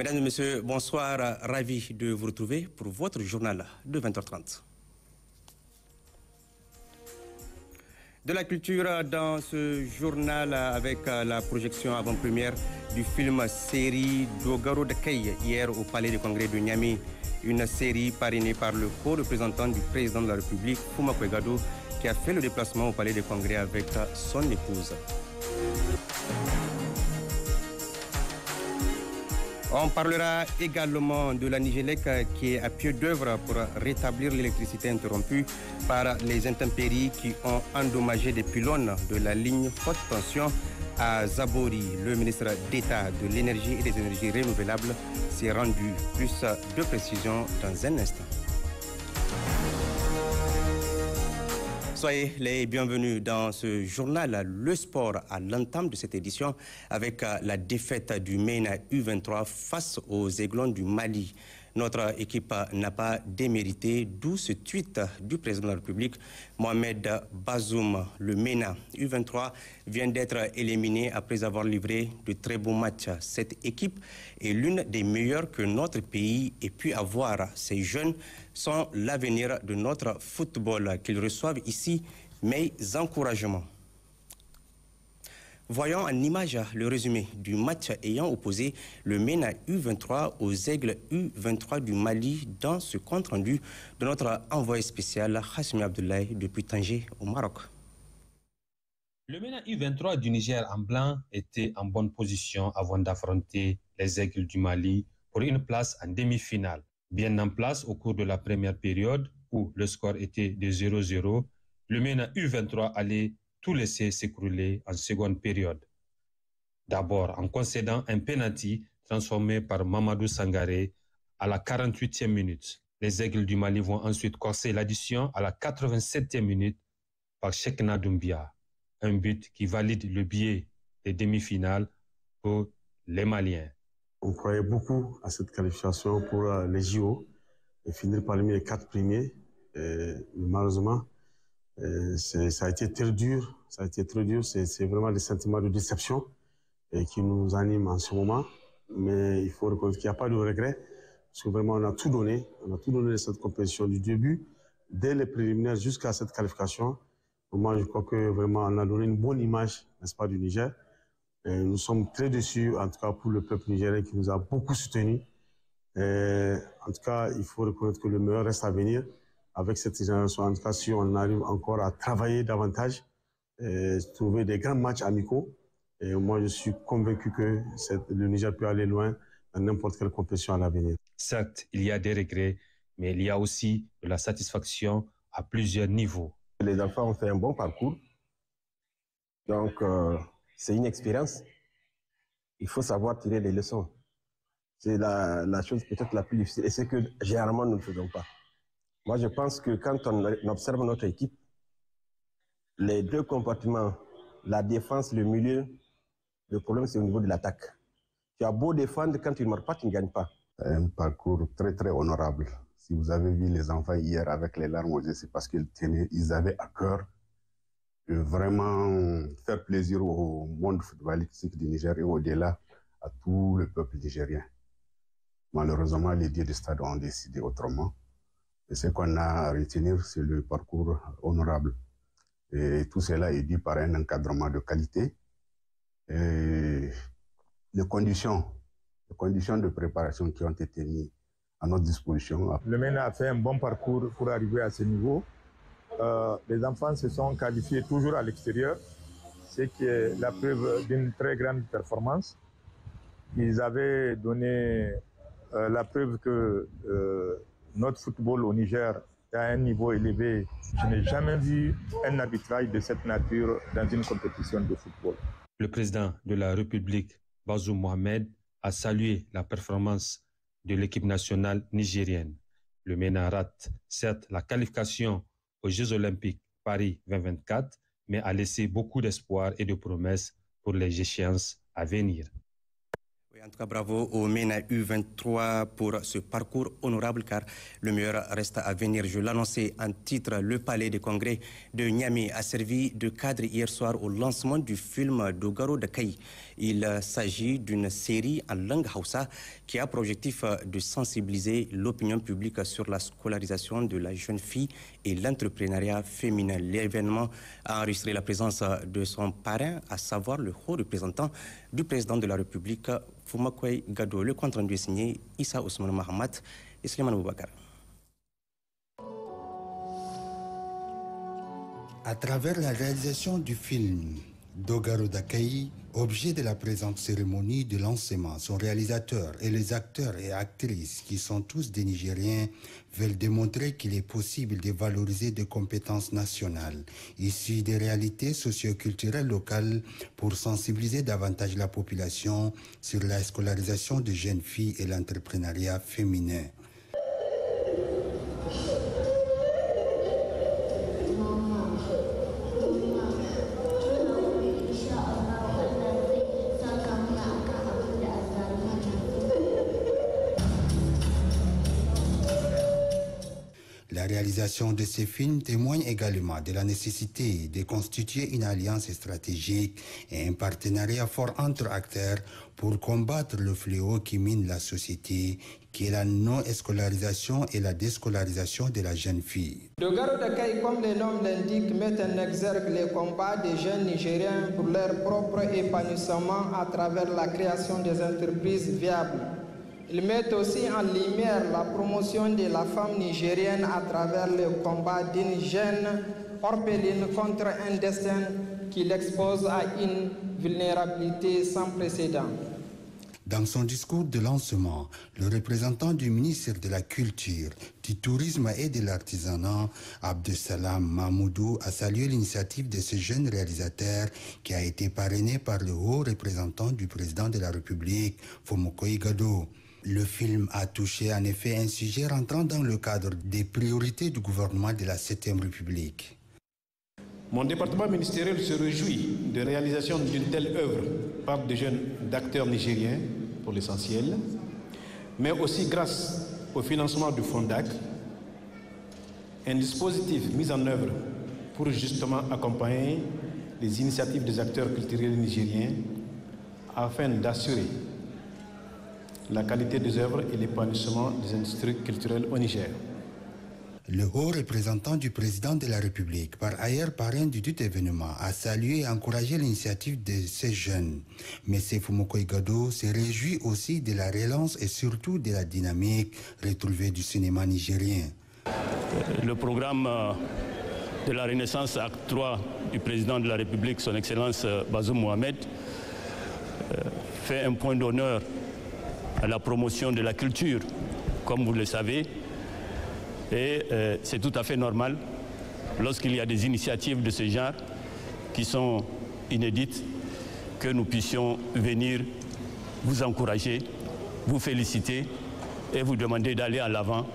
Mesdames et Messieurs, bonsoir. Ravi de vous retrouver pour votre journal de 20h30. De la culture dans ce journal avec la projection avant-première du film série Dogaro de hier au Palais du Congrès de Niamey. Une série parrainée par le co-représentant du président de la République, Fuma Kwegado, qui a fait le déplacement au Palais des Congrès avec son épouse. On parlera également de la Nigélec euh, qui est à pied d'œuvre pour rétablir l'électricité interrompue par les intempéries qui ont endommagé des pylônes de la ligne haute tension à Zabori. Le ministre d'État de l'Énergie et des énergies renouvelables s'est rendu. Plus de précisions dans un instant. Soyez les bienvenus dans ce journal Le Sport à l'entame de cette édition avec euh, la défaite du MENA U23 face aux Aiglons du Mali. Notre équipe n'a pas démérité, d'où ce tweet du président de la République, Mohamed Bazoum. Le MENA U23 vient d'être éliminé après avoir livré de très bons matchs. Cette équipe est l'une des meilleures que notre pays ait pu avoir. Ces jeunes sont l'avenir de notre football qu'ils reçoivent ici mes encouragements. Voyons en image le résumé du match ayant opposé le MENA U23 aux Aigles U23 du Mali dans ce compte-rendu de notre envoyé spécial Hasmi Abdoulaye depuis Tanger au Maroc. Le MENA U23 du Niger en blanc était en bonne position avant d'affronter les Aigles du Mali pour une place en demi-finale. Bien en place au cours de la première période où le score était de 0-0, le MENA U23 allait tout laissé s'écrouler en seconde période. D'abord en concédant un penalty transformé par Mamadou Sangaré à la 48e minute. Les Aigles du Mali vont ensuite corser l'addition à la 87e minute par Shekna Doumbia, un but qui valide le biais des demi-finales pour les Maliens. On croyait beaucoup à cette qualification pour euh, les JO et finir parmi les quatre premiers. malheureusement, euh, ça a été très dur, ça a été très dur. C'est vraiment des sentiments de déception et euh, qui nous animent en ce moment. Mais il faut reconnaître qu'il n'y a pas de regret, parce que vraiment on a tout donné, on a tout donné de cette compétition du début, dès les préliminaires jusqu'à cette qualification. Moi, je crois que vraiment on a donné une bonne image, n'est-ce pas, du Niger. Euh, nous sommes très déçus, en tout cas pour le peuple nigérien qui nous a beaucoup soutenus. en tout cas, il faut reconnaître que le meilleur reste à venir avec cette génération, en tout cas, si on arrive encore à travailler davantage, euh, trouver des grands matchs amicaux, et moi je suis convaincu que le Niger peut aller loin dans n'importe quelle compétition à l'avenir. Certes, il y a des regrets, mais il y a aussi de la satisfaction à plusieurs niveaux. Les enfants ont fait un bon parcours, donc euh, c'est une expérience. Il faut savoir tirer les leçons. C'est la, la chose peut-être la plus difficile, et c'est que généralement nous ne faisons pas. Moi, je pense que quand on observe notre équipe, les deux comportements, la défense, le milieu, le problème, c'est au niveau de l'attaque. Tu as beau défendre, quand tu ne meurs pas, tu ne gagnes pas. Un parcours très, très honorable. Si vous avez vu les enfants hier avec les larmes aux yeux, c'est parce qu'ils tenaient, ils avaient à cœur de vraiment faire plaisir au monde footballistique du Niger et au-delà à tout le peuple nigérien. Malheureusement, les dieux du stade ont décidé autrement ce qu'on a à retenir, c'est le parcours honorable. Et tout cela est dû par un encadrement de qualité. Et les conditions, les conditions de préparation qui ont été mises à notre disposition. Le MENA a fait un bon parcours pour arriver à ce niveau. Euh, les enfants se sont qualifiés toujours à l'extérieur, ce qui est la preuve d'une très grande performance. Ils avaient donné euh, la preuve que euh, notre football au Niger est à un niveau élevé. Je n'ai jamais vu un arbitrage de cette nature dans une compétition de football. Le président de la République, Bazoum Mohamed, a salué la performance de l'équipe nationale nigérienne. Le MENA rate certes la qualification aux Jeux olympiques Paris 2024, mais a laissé beaucoup d'espoir et de promesses pour les échéances à venir. En tout cas, bravo au MENA U23 pour ce parcours honorable car le meilleur reste à venir. Je l'annonçais en titre, le palais des congrès de Niamey a servi de cadre hier soir au lancement du film Dogaro Kai. Il s'agit d'une série en langue Hausa qui a pour objectif de sensibiliser l'opinion publique sur la scolarisation de la jeune fille et l'entrepreneuriat féminin. L'événement a enregistré la présence de son parrain, à savoir le haut représentant du président de la République, Fumakwe Gado. Le compte rendu est signé Issa Ousmane Mahamat et Suleiman Boubacar. À travers la réalisation du film Dogaro Dakai, objet de la présente cérémonie de lancement, son réalisateur et les acteurs et actrices, qui sont tous des Nigériens, veulent démontrer qu'il est possible de valoriser des compétences nationales, issues des réalités socioculturelles locales, pour sensibiliser davantage la population sur la scolarisation de jeunes filles et l'entrepreneuriat féminin. réalisation de ces films témoigne également de la nécessité de constituer une alliance stratégique et un partenariat fort entre acteurs pour combattre le fléau qui mine la société, qui est la non-escolarisation et la déscolarisation de la jeune fille. Le Garde-Caille, comme les noms l'indiquent, met en exergue les combats des jeunes Nigériens pour leur propre épanouissement à travers la création des entreprises viables ils mettent aussi en lumière la promotion de la femme nigérienne à travers le combat d'une jeune orpheline contre un destin qui l'expose à une vulnérabilité sans précédent. Dans son discours de lancement, le représentant du ministère de la Culture, du Tourisme et de l'Artisanat, Abdesalam Mahmoudou, a salué l'initiative de ce jeune réalisateur qui a été parrainé par le haut représentant du président de la République, Fomoko Igado. Le film a touché en effet un sujet rentrant dans le cadre des priorités du gouvernement de la 7e République. Mon département ministériel se réjouit de la réalisation d'une telle œuvre par des jeunes d'acteurs nigériens, pour l'essentiel, mais aussi grâce au financement du FONDAC, un dispositif mis en œuvre pour justement accompagner les initiatives des acteurs culturels nigériens afin d'assurer la qualité des œuvres et l'épanouissement des industries culturelles au Niger. Le haut représentant du président de la République, par ailleurs parrain du tout événement, a salué et encouragé l'initiative de ces jeunes. Mais Mokoy Gado se réjouit aussi de la relance et surtout de la dynamique retrouvée du cinéma nigérien. Euh, le programme euh, de la Renaissance Acte 3 du président de la République, son Excellence euh, Bazoum Mohamed, fait un point d'honneur à la promotion de la culture, comme vous le savez. Et euh, c'est tout à fait normal lorsqu'il y a des initiatives de ce genre qui sont inédites que nous puissions venir vous encourager, vous féliciter et vous demander d'aller à l'avant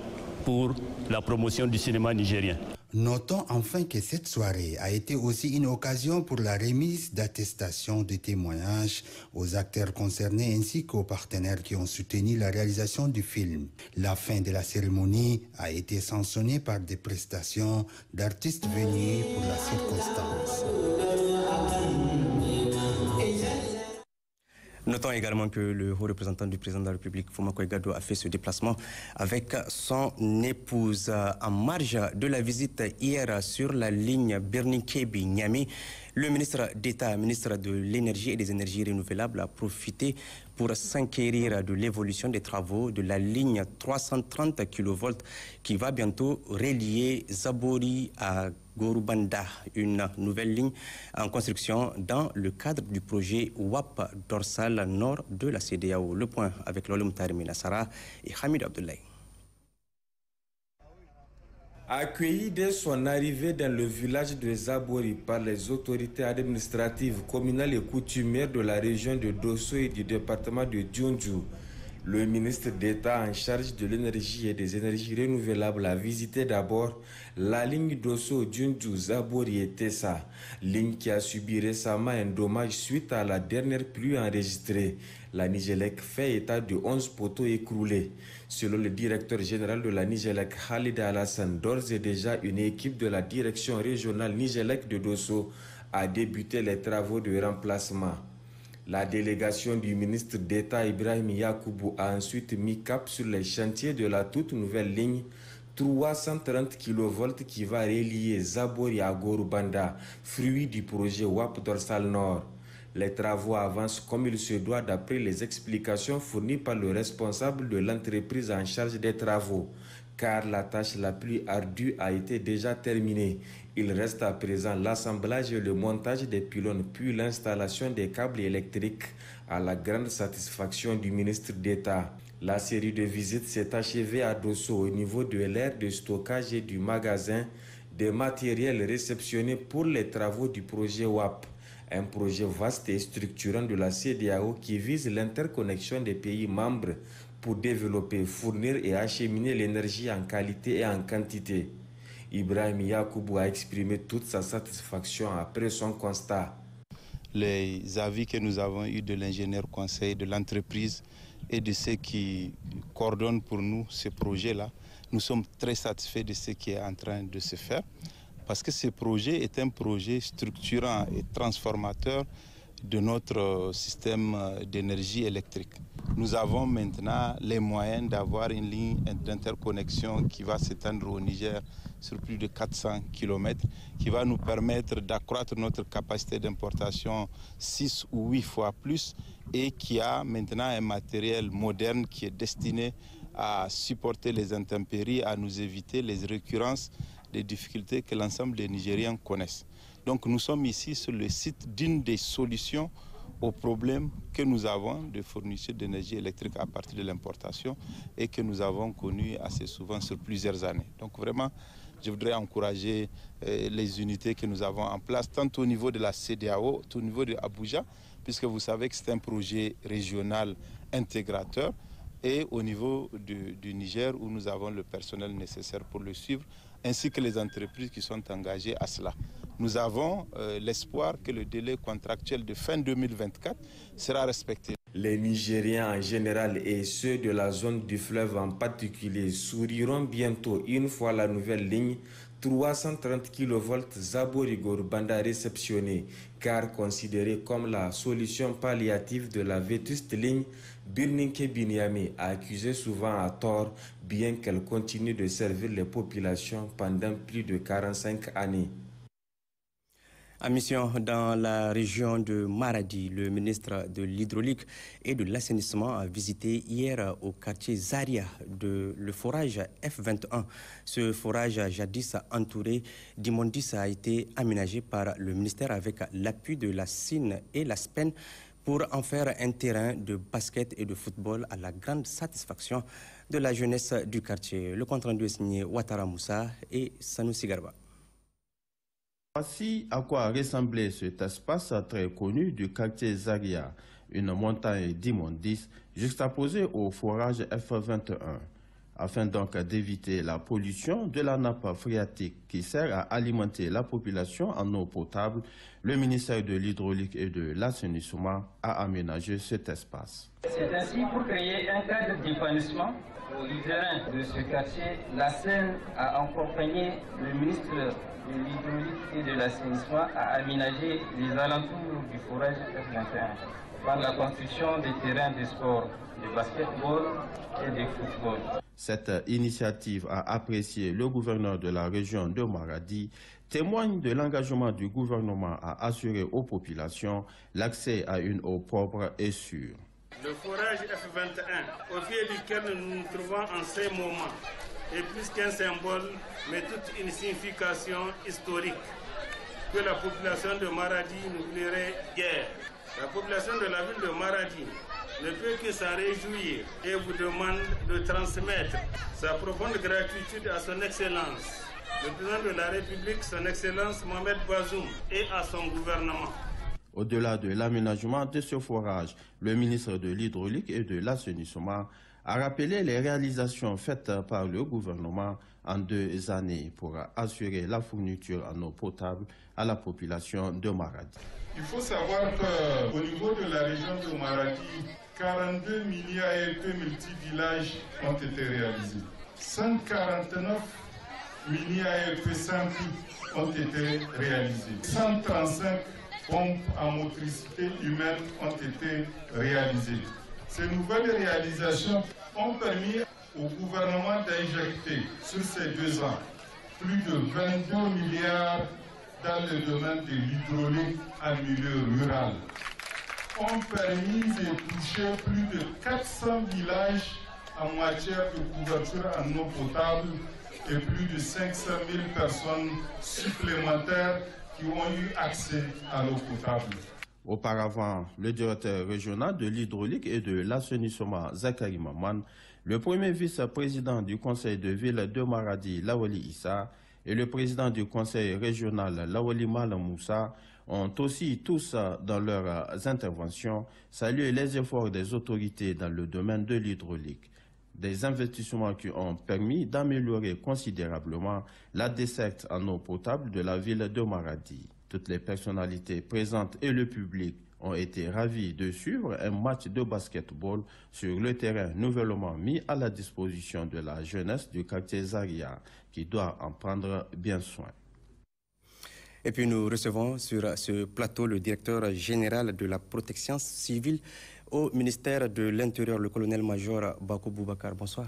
pour la promotion du cinéma nigérien. Notons enfin que cette soirée a été aussi une occasion pour la remise d'attestations de témoignages aux acteurs concernés ainsi qu'aux partenaires qui ont soutenu la réalisation du film. La fin de la cérémonie a été sanctionnée par des prestations d'artistes venus pour la circonstance. Notons également que le haut représentant du président de la République, Fumako a fait ce déplacement avec son épouse en marge de la visite hier sur la ligne birni kebi Le ministre d'État, ministre de l'Énergie et des Énergies renouvelables, a profité pour s'inquérir de l'évolution des travaux de la ligne 330 kV qui va bientôt relier Zabori à Gorubanda, une nouvelle ligne en construction dans le cadre du projet WAP dorsal nord de la CDAO. Le point avec Lolum Tarmina Sara et Hamid Abdoulaye. Accueilli dès son arrivée dans le village de Zabori par les autorités administratives, communales et coutumières de la région de Dosso et du département de Djondjou, le ministre d'État en charge de l'énergie et des énergies renouvelables a visité d'abord la ligne d'Osso d'une Zabori et Tessa, ligne qui a subi récemment un dommage suite à la dernière pluie enregistrée. La Nigelec fait état de 11 poteaux écroulés. Selon le directeur général de la Nigelec, Khalid Alassane, d'ores et déjà une équipe de la direction régionale Nigelec de Dosso a débuté les travaux de remplacement. La délégation du ministre d'État Ibrahim Yakoubou a ensuite mis cap sur les chantiers de la toute nouvelle ligne 330 kV qui va relier Zabori à Gorubanda, fruit du projet WAP Dorsal Nord. Les travaux avancent comme il se doit d'après les explications fournies par le responsable de l'entreprise en charge des travaux, car la tâche la plus ardue a été déjà terminée. Il reste à présent l'assemblage et le montage des pylônes, puis l'installation des câbles électriques, à la grande satisfaction du ministre d'État. La série de visites s'est achevée à Dosso au niveau de l'aire de stockage et du magasin des matériels réceptionnés pour les travaux du projet WAP un projet vaste et structurant de la CDAO qui vise l'interconnexion des pays membres pour développer, fournir et acheminer l'énergie en qualité et en quantité. Ibrahim Yacoubou a exprimé toute sa satisfaction après son constat. Les avis que nous avons eus de l'ingénieur conseil, de l'entreprise et de ceux qui coordonnent pour nous ce projet-là, nous sommes très satisfaits de ce qui est en train de se faire parce que ce projet est un projet structurant et transformateur de notre euh, système euh, d'énergie électrique. Nous avons maintenant les moyens d'avoir une ligne d'interconnexion qui va s'étendre au Niger sur plus de 400 km, qui va nous permettre d'accroître notre capacité d'importation 6 ou 8 fois plus et qui a maintenant un matériel moderne qui est destiné à supporter les intempéries, à nous éviter les récurrences des difficultés que l'ensemble des Nigériens connaissent. Donc nous sommes ici sur le site d'une des solutions aux problèmes que nous avons de fourniture d'énergie électrique à partir de l'importation et que nous avons connu assez souvent sur plusieurs années. Donc vraiment, je voudrais encourager euh, les unités que nous avons en place, tant au niveau de la CDAO, tout au niveau de Abuja, puisque vous savez que c'est un projet régional intégrateur et au niveau du, Niger où nous avons le personnel nécessaire pour le suivre, ainsi que les entreprises qui sont engagées à cela. Nous avons euh, l'espoir que le délai contractuel de fin 2024 sera respecté. Les Nigériens en général et ceux de la zone du fleuve en particulier souriront bientôt une fois la nouvelle ligne 330 kV Zabou banda réceptionnée, car considérée comme la solution palliative de la vétuste ligne Birninke Binyami a accusé souvent à tort, bien qu'elle continue de servir les populations pendant plus de 45 années. À mission dans la région de Maradi, le ministre de l'Hydraulique et de l'Assainissement a visité hier au quartier Zaria de le forage F21. Ce forage, jadis entouré d'immondices, a été aménagé par le ministère avec l'appui de la SIN et la SPEN pour en faire un terrain de basket et de football à la grande satisfaction de la jeunesse du quartier. Le compte-rendu est signé Ouattara Moussa et Sanoussi Garba. Voici à quoi ressemblait cet espace très connu du quartier Zaria, une montagne d'immondices juxtaposée au forage F21 afin donc d'éviter la pollution de la nappe phréatique qui sert à alimenter la population en eau potable, le ministère de l'Hydraulique et de l'Assainissement a aménagé cet espace. C'est ainsi pour créer un cadre d'épanouissement les riverains de ce quartier. La Seine a accompagné le ministre de l'Hydraulique et de l'Assainissement à aménager les alentours du forage f par la construction des terrains de sport, de basketball et de football. Cette euh, initiative a apprécié le gouverneur de la région de Maradi, témoigne de l'engagement du gouvernement à assurer aux populations l'accès à une eau propre et sûre. Le forage F21, au pied duquel nous nous trouvons en ce moment, est plus qu'un symbole, mais toute une signification historique que la population de Maradi n'oublierait guère. La population de la ville de Maradi ne peut que s'en réjouit et vous demande de transmettre sa profonde gratitude à son Excellence, le président de la République, son Excellence Mohamed Bazoum, et à son gouvernement. Au-delà de l'aménagement de ce forage, le ministre de l'Hydraulique et de l'Assainissement a rappelé les réalisations faites par le gouvernement en deux années pour assurer la fourniture en eau potable à la population de Maradi. Il faut savoir qu'au niveau de la région de Maradi, 42 milliards et multi-villages ont été réalisés. 149 mini et simples ont été réalisés. 135 pompes à motricité humaine ont été réalisées. Ces nouvelles réalisations ont permis au gouvernement d'injecter sur ces deux ans plus de 22 milliards dans le domaine de l'hydraulique en milieu rural ont permis de toucher plus de 400 villages en matière de couverture en eau potable et plus de 500 000 personnes supplémentaires qui ont eu accès à l'eau potable. Auparavant, le directeur régional de l'hydraulique et de l'assainissement, Zachary Maman, le premier vice-président du conseil de ville de Maradi, Lawali Issa, et le président du conseil régional Lawali Malamoussa ont aussi tous euh, dans leurs euh, interventions salué les efforts des autorités dans le domaine de l'hydraulique. Des investissements qui ont permis d'améliorer considérablement la desserte en eau potable de la ville de Maradi. Toutes les personnalités présentes et le public ont été ravis de suivre un match de basketball sur le terrain nouvellement mis à la disposition de la jeunesse du quartier Zaria, qui doit en prendre bien soin. Et puis nous recevons sur ce plateau le directeur général de la protection civile au ministère de l'Intérieur, le colonel-major Bakou Boubacar. Bonsoir.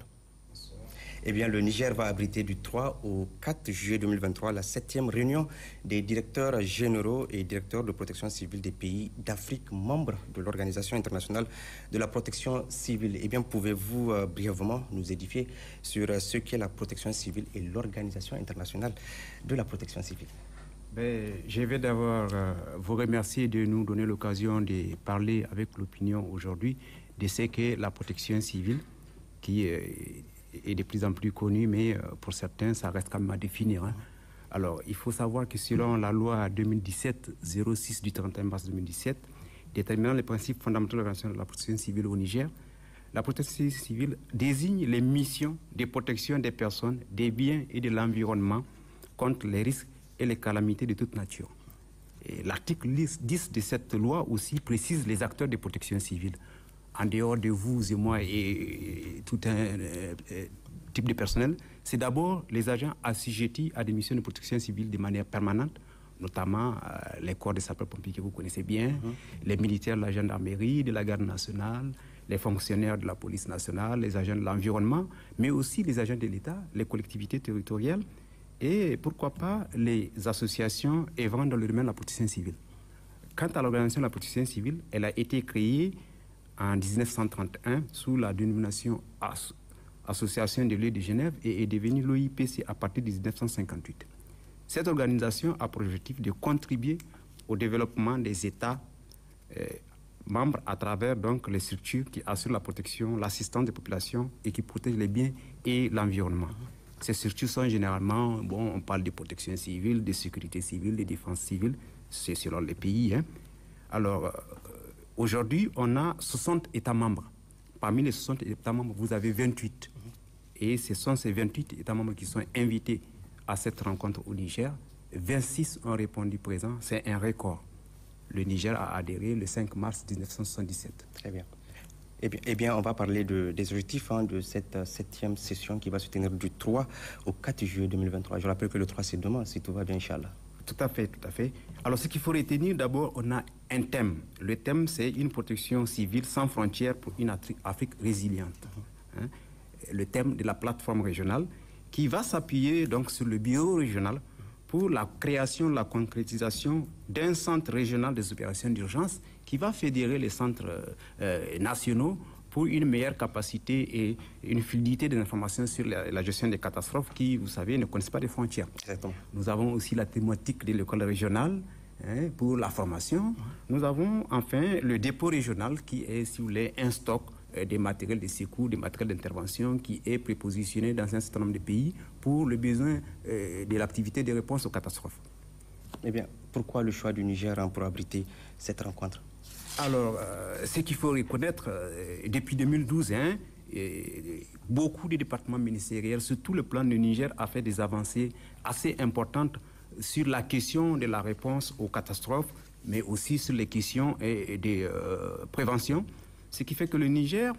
Eh bien, le Niger va abriter du 3 au 4 juillet 2023 la septième réunion des directeurs généraux et directeurs de protection civile des pays d'Afrique, membres de l'Organisation internationale de la protection civile. Eh bien, pouvez-vous euh, brièvement nous édifier sur euh, ce qu'est la protection civile et l'Organisation internationale de la protection civile ben, je vais d'abord euh, vous remercier de nous donner l'occasion de parler avec l'opinion aujourd'hui de ce qu'est la protection civile, qui est est de plus en plus connu, mais euh, pour certains, ça reste quand même à définir. Hein. Alors, il faut savoir que selon la loi 2017-06 du 31 mars 2017, déterminant les principes fondamentaux de la protection civile au Niger, la protection civile désigne les missions de protection des personnes, des biens et de l'environnement contre les risques et les calamités de toute nature. L'article 10 de cette loi aussi précise les acteurs de protection civile en dehors de vous et moi et, tout un euh, euh, type de personnel, c'est d'abord les agents assujettis à des missions de protection civile de manière permanente notamment euh, les corps de sapeurs-pompiers que vous connaissez bien, hein. les militaires de la gendarmerie, de la garde nationale, les fonctionnaires de la police nationale, les agents de l'environnement, mais aussi les agents de l'État, les collectivités territoriales et pourquoi pas les associations évoluant dans le domaine de la protection civile. Quant à l'organisation de la protection civile, elle a été créée en 1931 sous la dénomination Association des lieux de Genève et est devenue l'OIPC à partir de 1958. Cette organisation a pour objectif de contribuer au développement des États euh, membres à travers donc les structures qui assurent la protection, l'assistance des populations et qui protègent les biens et l'environnement. Ces structures sont généralement, bon, on parle de protection civile, de sécurité civile, de défense civile, c'est selon les pays. Hein. Alors, euh, Aujourd'hui, on a 60 États membres. Parmi les 60 États membres, vous avez 28. Et ce sont ces 28 États membres qui sont invités à cette rencontre au Niger. 26 ont répondu présent. C'est un record. Le Niger a adhéré le 5 mars 1977. Très bien. Eh bien, eh bien, on va parler des objectifs hein, de cette euh, septième session qui va se tenir du 3 au 4 juillet 2023. Je rappelle que le 3, c'est demain, si tout va bien, Inch'Allah. Tout à fait, tout à fait. Alors, ce qu'il faut retenir, d'abord, on a un thème. Le thème, c'est une protection civile sans frontières pour une Afrique résiliente. Hein. Le thème de la plateforme régionale qui va s'appuyer donc sur le bureau régional pour la création, la concrétisation d'un centre régional des opérations d'urgence qui va fédérer les centres euh, euh, nationaux pour une meilleure capacité et une fluidité des informations sur la, gestion des catastrophes qui, vous savez, ne connaissent pas de frontières. Nous avons aussi la thématique de l'école régionale Hein, pour la formation. Nous avons enfin le dépôt régional qui est, si vous voulez, un stock euh, des matériels de secours, des matériels d'intervention qui est prépositionné dans un certain nombre de pays pour le besoin euh, de l'activité de réponse aux catastrophes. Eh bien, pourquoi le choix du Niger pour abriter cette rencontre Alors, euh, ce qu'il faut reconnaître, depuis 2012, hein, beaucoup de départements ministériels, surtout le plan du Niger, a fait des avancées assez importantes sur la question de la réponse aux catastrophes, mais aussi sur les questions et, prévention. des euh, Ce qui fait que le Niger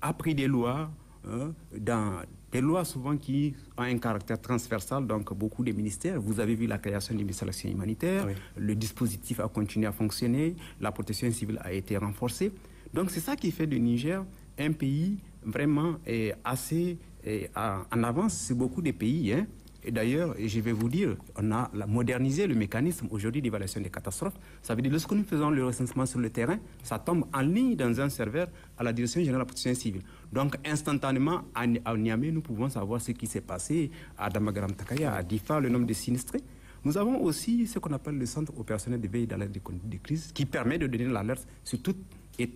a pris des lois, hein, dans, des lois souvent qui ont un caractère transversal, donc beaucoup de ministères. Vous avez vu la création du ministère de l'action humanitaire, le dispositif a continué à fonctionner, la protection civile a été renforcée. Donc c'est ça qui fait du Niger un pays vraiment eh, assez eh, en avance sur beaucoup de pays. Hein. Et d'ailleurs, je vais vous dire, on a modernisé le mécanisme aujourd'hui d'évaluation des catastrophes. Ça veut dire, lorsque nous faisons le recensement sur le terrain, ça tombe en ligne dans un serveur à la Direction générale de la protection civile. Donc, instantanément, à Niamey, nous pouvons savoir ce qui s'est passé à Damagaram Takaya, à Difa, le nombre de sinistrés. Nous avons aussi ce qu'on appelle le centre opérationnel de veille d'alerte des crises de crise, qui permet de donner l'alerte sur toute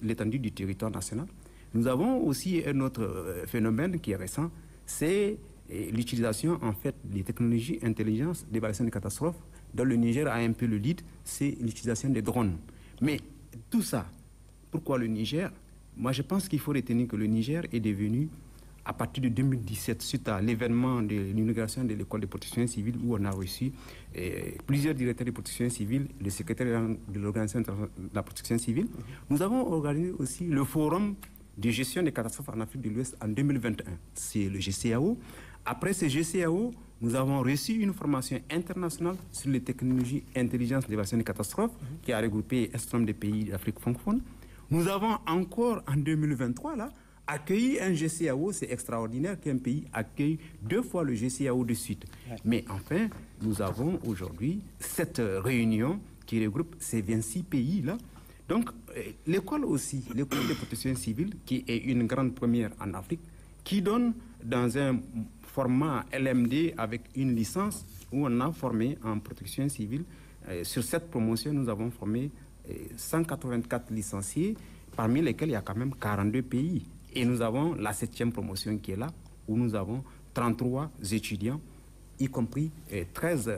l'étendue du territoire national. Nous avons aussi un autre euh, phénomène qui est récent, c'est l'utilisation en fait des technologies intelligence d'évaluation des catastrophes dans le Niger a un peu le lead, c'est l'utilisation des drones. Mais tout ça, pourquoi le Niger Moi je pense qu'il faut retenir que le Niger est devenu à partir de 2017, suite à l'événement de l'inauguration de l'école de protection civile, où on a reçu eh, plusieurs directeurs de protection civile, le secrétaire de l'Organisation de la protection civile, nous avons organisé aussi le forum de gestion des catastrophes en Afrique de l'Ouest en 2021. C'est le GCAO après ces GCAO, e nous avons reçu une formation internationale sur les technologies intelligence, d'évasion des catastrophes qui a regroupé un certain nombre de pays d'Afrique francophone. Nous avons encore en 2023 là, accueilli un GCAO, e c'est extraordinaire qu'un pays accueille deux fois le GCAO e de suite. Mais enfin, nous avons aujourd'hui cette réunion qui regroupe ces 26 pays là. Donc euh, l'école aussi, l'école de protection civile qui est une grande première en Afrique qui donne dans un format LMD avec une licence où on a formé en protection civile. Euh, sur cette promotion, nous avons formé 184 euh, licenciés, parmi lesquels il y a quand même 42 pays. Et nous avons la septième promotion qui est là, où nous avons 33 étudiants, y compris 13 euh,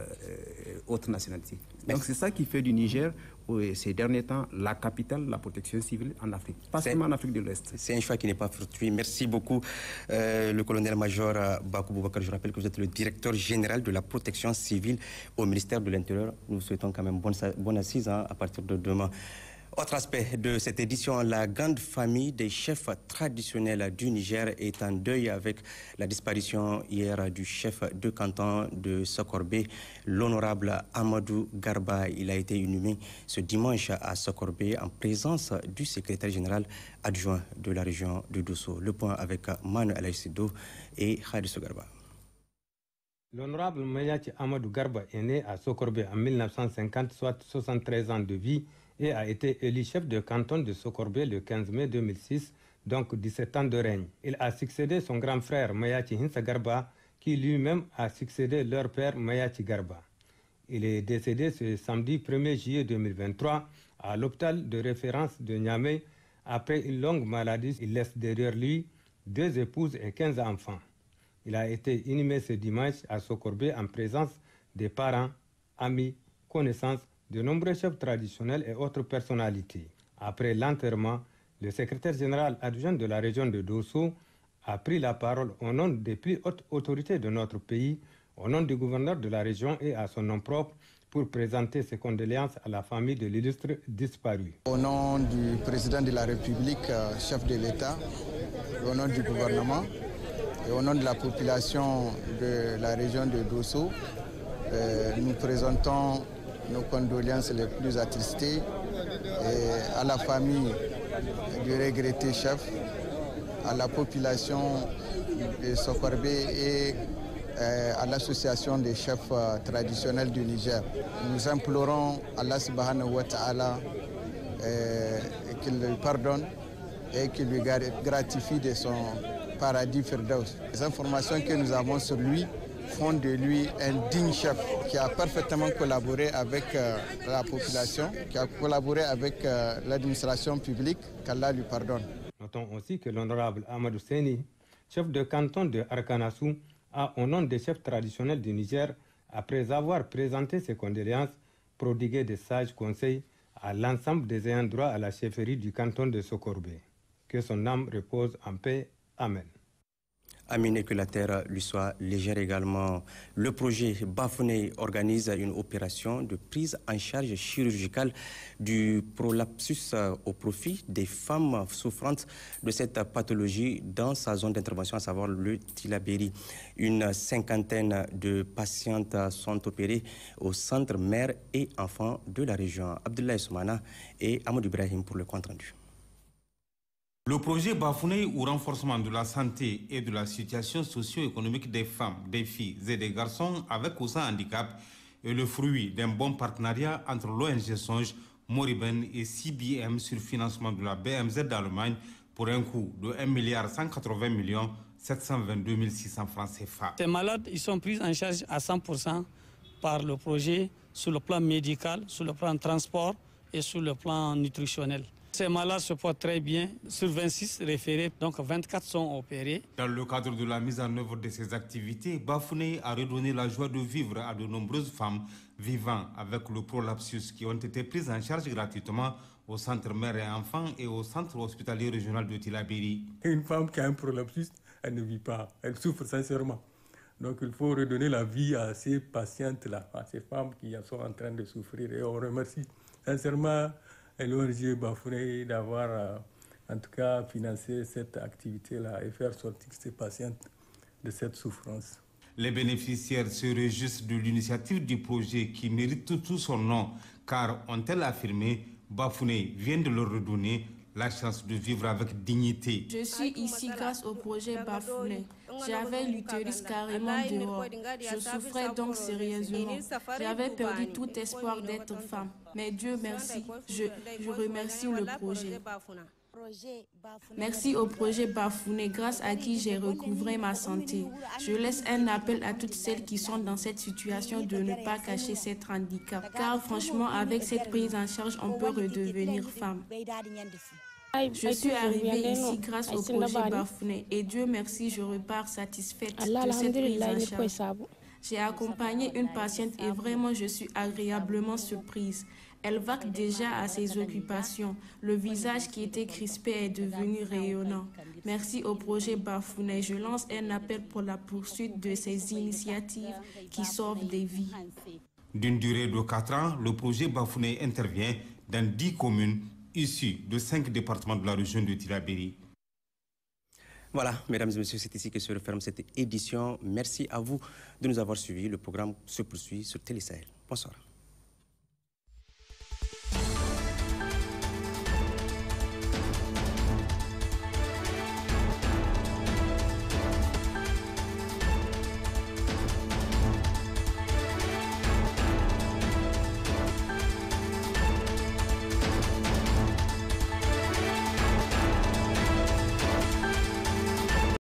autres nationalités. Donc c'est ça qui fait du Niger euh, ces derniers temps la capitale de la protection civile en Afrique, pas seulement en Afrique de l'Est. C'est un choix qui n'est pas fortuit. Merci beaucoup, euh, le colonel-major euh, Bakou Boubacar. Je rappelle que vous êtes le directeur général de la protection civile au ministère de l'Intérieur. Nous souhaitons quand même bonne, bonne assise hein, à partir de demain. Autre aspect de cette édition, la grande famille des chefs traditionnels du Niger est en deuil avec la disparition hier du chef de canton de Sokorbe, l'honorable Amadou Garba. Il a été inhumé ce dimanche à Sokorbe en présence du secrétaire général adjoint de la région de Dosso. Le point avec Manu Alaïsido et Khadisogarba. Garba. L'honorable Mayati Amadou Garba est né à Sokorbe en 1950, soit 73 ans de vie et a été élu chef de canton de Socorbé le 15 mai 2006, donc 17 ans de règne. Il a succédé son grand frère Mayachi Hinsagarba, qui lui-même a succédé leur père Mayati Garba. Il est décédé ce samedi 1er juillet 2023 à l'hôpital de référence de Niamey après une longue maladie. Il laisse derrière lui deux épouses et 15 enfants. Il a été inhumé ce dimanche à Socorbé en présence des parents, amis, connaissances de nombreux chefs traditionnels et autres personnalités. Après l'enterrement, le secrétaire général adjoint de la région de Dosso a pris la parole au nom des plus hautes autorités de notre pays, au nom du gouverneur de la région et à son nom propre pour présenter ses condoléances à la famille de l'illustre disparu. Au nom du président de la République, euh, chef de l'État, au nom du gouvernement et au nom de la population de la région de Dosso, euh, nous présentons nos condoléances les plus attristées à la famille du regretté chef, à la population de Sokorbe et euh, à l'association des chefs euh, traditionnels du Niger. Nous implorons Allah subhanahu wa ta'ala euh, qu'il lui pardonne et qu'il lui gratifie de son paradis Firdaus. Les informations que nous avons sur lui font de lui un digne chef qui a parfaitement collaboré avec euh, la population, qui a collaboré avec euh, l'administration publique. Qu'Allah lui pardonne. Notons aussi que l'honorable Ahmadou Seni, chef de canton de Arkanassou, a, au nom des chefs traditionnels du Niger, après avoir présenté ses condoléances, prodigué de sages conseils à l'ensemble des ayants droit à la chefferie du canton de Sokorbe. Que son âme repose en paix. Amen amener que la terre lui soit légère également. Le projet Bafoné organise une opération de prise en charge chirurgicale du prolapsus euh, au profit des femmes souffrantes de cette pathologie dans sa zone d'intervention, à savoir le Tilaberi. Une cinquantaine de patientes sont opérées au centre mère et enfants de la région. Abdoulaye Soumana et Amadou Ibrahim pour le compte rendu. Le projet Bafouné au renforcement de la santé et de la situation socio-économique des femmes, des filles et des garçons avec ou sans handicap est le fruit d'un bon partenariat entre l'ONG Songe, Moriben et CBM sur financement de la BMZ d'Allemagne pour un coût de 1 180 millions francs CFA. Ces malades, ils sont pris en charge à 100% par le projet sur le plan médical, sur le plan transport et sur le plan nutritionnel. Ces malades se portent très bien. Sur 26 référés, donc 24 sont opérés. Dans le cadre de la mise en œuvre de ces activités, Bafouné a redonné la joie de vivre à de nombreuses femmes vivant avec le prolapsus qui ont été prises en charge gratuitement au centre mère et enfant et au centre hospitalier régional de Tilabiri. Une femme qui a un prolapsus, elle ne vit pas, elle souffre sincèrement. Donc il faut redonner la vie à ces patientes-là, à ces femmes qui sont en train de souffrir et on remercie sincèrement et l'ONG Bafoué d'avoir, euh, en tout cas, financé cette activité-là et faire sortir ces patientes de cette souffrance. Les bénéficiaires se réjouissent de l'initiative du projet qui mérite tout son nom, car, ont-elles affirmé, Bafouné vient de leur redonner la chance de vivre avec dignité. Je suis ici grâce au projet Bafouné. J'avais l'utérus carrément dehors. Je souffrais donc sérieusement. J'avais perdu tout espoir d'être femme. Mais Dieu merci. Je, je remercie le projet. Merci au projet Bafouné, grâce à qui j'ai recouvré ma santé. Je laisse un appel à toutes celles qui sont dans cette situation de ne pas cacher cet handicap, car franchement, avec cette prise en charge, on peut redevenir femme. Je suis arrivée ici grâce au projet Bafouné et Dieu merci, je repars satisfaite de cette prise en charge. J'ai accompagné une patiente et vraiment je suis agréablement surprise. Elle vaque déjà à ses occupations. Le visage qui était crispé est devenu rayonnant. Merci au projet Bafounet, je lance un appel pour la poursuite de ces initiatives qui sauvent des vies. D'une durée de 4 ans, le projet Bafouné intervient dans 10 communes issus de cinq départements de la région de Tirabéry. Voilà, mesdames et messieurs, c'est ici que se referme cette édition. Merci à vous de nous avoir suivis. Le programme se poursuit sur Télé Sahel. Bonsoir.